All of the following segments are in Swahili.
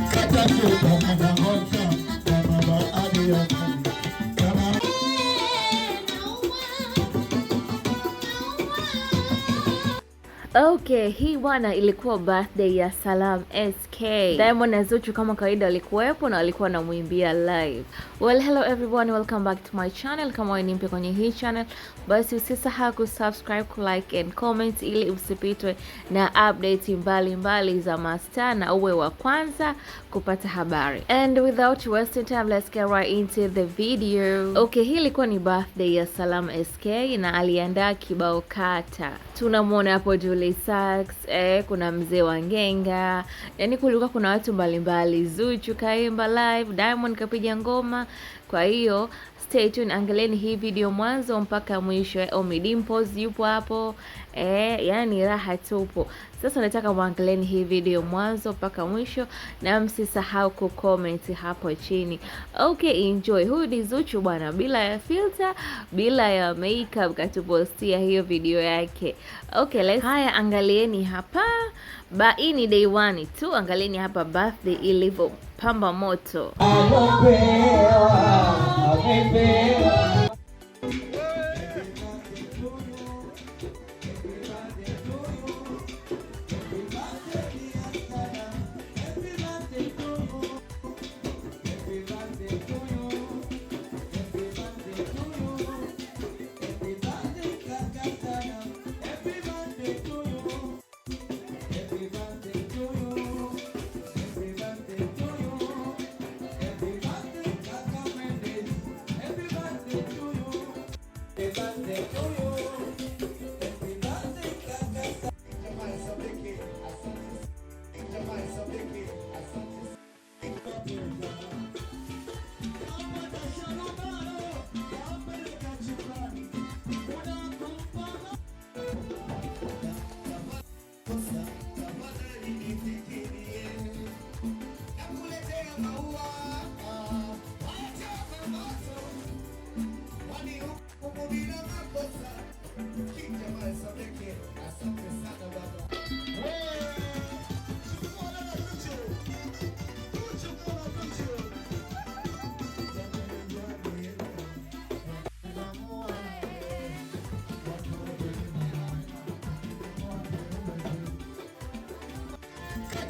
Thank you. Okay, hii bwana ilikuwa birthday ya Salam SK. Diamond na Zuchu kama kawaida walikuwepo na walikuwa wanamwimbia live. Well, hello everyone, welcome back to my channel. Kama wewe ni mpya kwenye hii channel, basi usisahau kusubscribe, like and comment ili usipitwe na updates mbalimbali mbali za mastaa na uwe wa kwanza kupata habari. And without wasting time, let's get right into the video. Okay, hii ilikuwa ni birthday ya Salam SK na aliandaa kibao kata. Tunamwona hapo juu Willy Sykes, eh, kuna mzee wa Ngenga, yaani kulikuwa kuna watu mbalimbali, Zuchu kaimba live, Diamond kapiga ngoma. Kwa hiyo stay tuned, angalieni hii video mwanzo mpaka mwisho. Eh, Ommy Dimpoz yupo hapo eh, yani raha tupo. Sasa nataka mwangalieni hii video mwanzo mpaka mwisho, na msisahau kucomment hapo chini. Okay, enjoy. Huyu ni Zuchu bwana, bila ya filter, bila ya makeup, katupostia hiyo video yake. Okay, let's... Haya, angalieni hapa ba hii ni day one tu, angalieni hapa birthday ilivyo pamba moto. Amepewa, amepewa.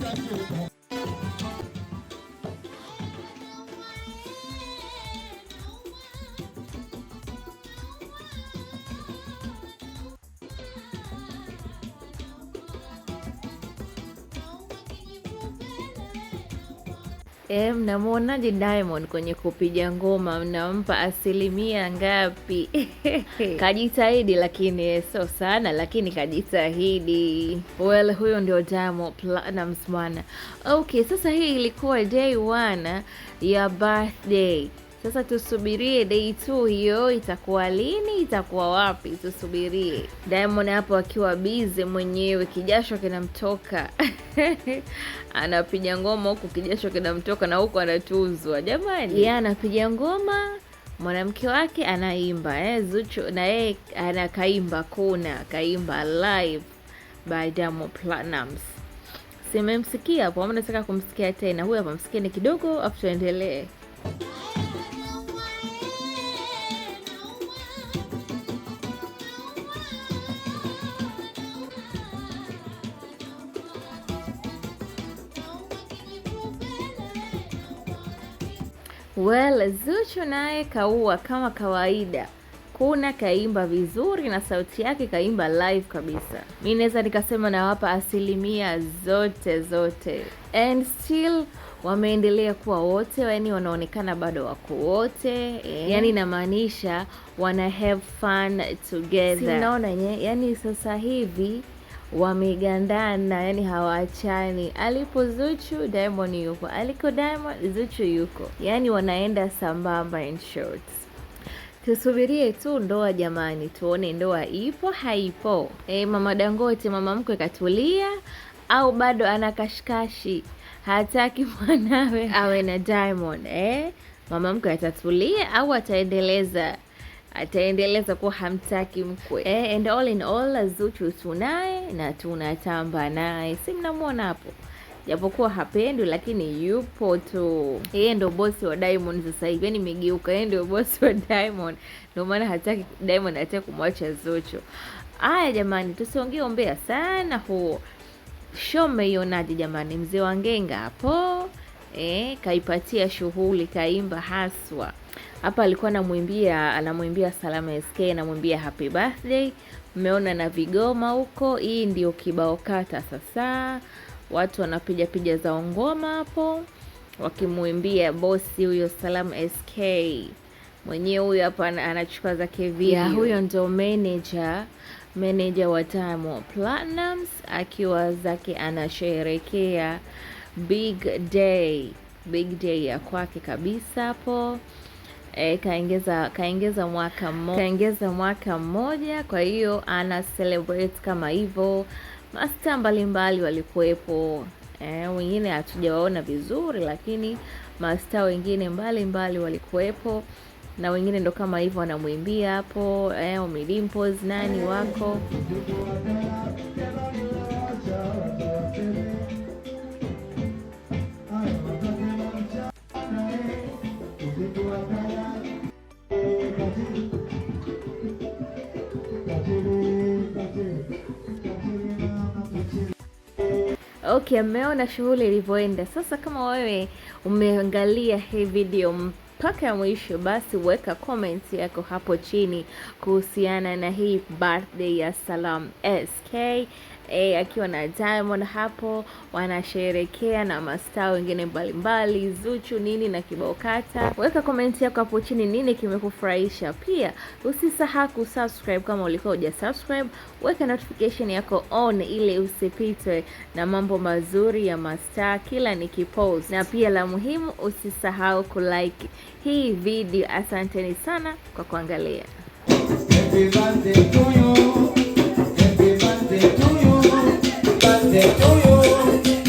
嗯。E, mnamwonaje Diamond kwenye kupiga ngoma, mnampa asilimia ngapi? Kajitahidi lakini sio sana, lakini kajitahidi. Well, huyo ndio Diamond Platnumz bwana. Okay, sasa hii ilikuwa day one ya birthday sasa tusubirie day 2 hiyo itakuwa lini, itakuwa wapi? Tusubirie. Diamond hapo akiwa bize mwenyewe, kijasho kinamtoka anapiga ngoma huku kijasho kinamtoka na huku anatuzwa. Jamani, yeye anapiga ngoma mwanamke wake anaimba eh, Zuchu na yeye anakaimba, kuna kaimba live by Diamond Platnumz. Simemsikia hapo, mnataka kumsikia tena? Huyu hapa msikieni kidogo, afu tuendelee. Well, Zuchu naye kaua kama kawaida, kuna kaimba vizuri na sauti yake kaimba live kabisa. Mi naweza nikasema nawapa asilimia zote zote, and still wameendelea kuwa wote, yaani wanaonekana bado wako wote yeah. Yani inamaanisha wana have fun together, si mnaona nye, yani sasa hivi wamegandana, yani hawaachani. Alipo Zuchu, Diamond yuko, aliko Diamond, Zuchu yuko, yani wanaenda sambamba. In short, tusubirie tu ndoa jamani, tuone ndoa ipo haipo. E, mama Dangote, mama mkwe katulia au bado ana kashikashi, hataki mwanawe awe na Diamond eh? Mama mkwe atatulia au ataendeleza ataendeleza kuwa hamtaki mkwe eh, and all in all Zuchu tunaye na tunatamba naye, si mnamwona hapo, japokuwa hapendwi lakini yupo tu. Yeye ndo bosi wa Diamond sasa hivi, yani imegeuka, yeye ndio bosi wa Diamond, ndio maana hataki Diamond hata kumwacha Zuchu. Aya jamani, tusiongee ombea sana huo. Show mmeionaje jamani? Mzee wa Ngenga hapo eh, kaipatia shughuli, kaimba haswa. Hapa alikuwa anamwimbia anamwimbia Salama SK, anamwimbia happy birthday. Mmeona na vigoma huko, hii ndio kibao kata. Sasa watu wanapiga piga zao ngoma hapo, wakimwimbia bosi huyo Salama SK mwenyewe huyo hapa anachukua zake video. Yeah, huyo ndo manager manager wa Diamond Platnumz akiwa zake anasherekea big day, big day ya kwake kabisa hapo. E, kaongeza kaongeza mwaka mmoja, kaongeza mwaka mmoja. Kwa hiyo ana celebrate kama hivyo. Masta mbalimbali walikuwepo, e, wengine hatujawaona vizuri, lakini masta wengine mbalimbali walikuwepo na wengine ndo kama hivyo wanamwimbia hapo, e, Ommy Dimpoz nani wako Okay, ameona shughuli ilivyoenda. Sasa kama wewe umeangalia hii video mpaka ya mwisho, basi weka comment yako hapo chini kuhusiana na hii birthday ya salam SK eh, akiwa na Diamond hapo wanasherekea na mastaa wengine mbalimbali, Zuchu nini na kibao kata. Weka komenti yako hapo chini, nini kimekufurahisha. Pia usisahau kusubscribe kama ulikuwa hujasubscribe, weka notification yako on ili usipitwe na mambo mazuri ya mastaa kila nikipost, na pia la muhimu usisahau kulike hii video. Asanteni sana kwa kuangalia. birthday to you.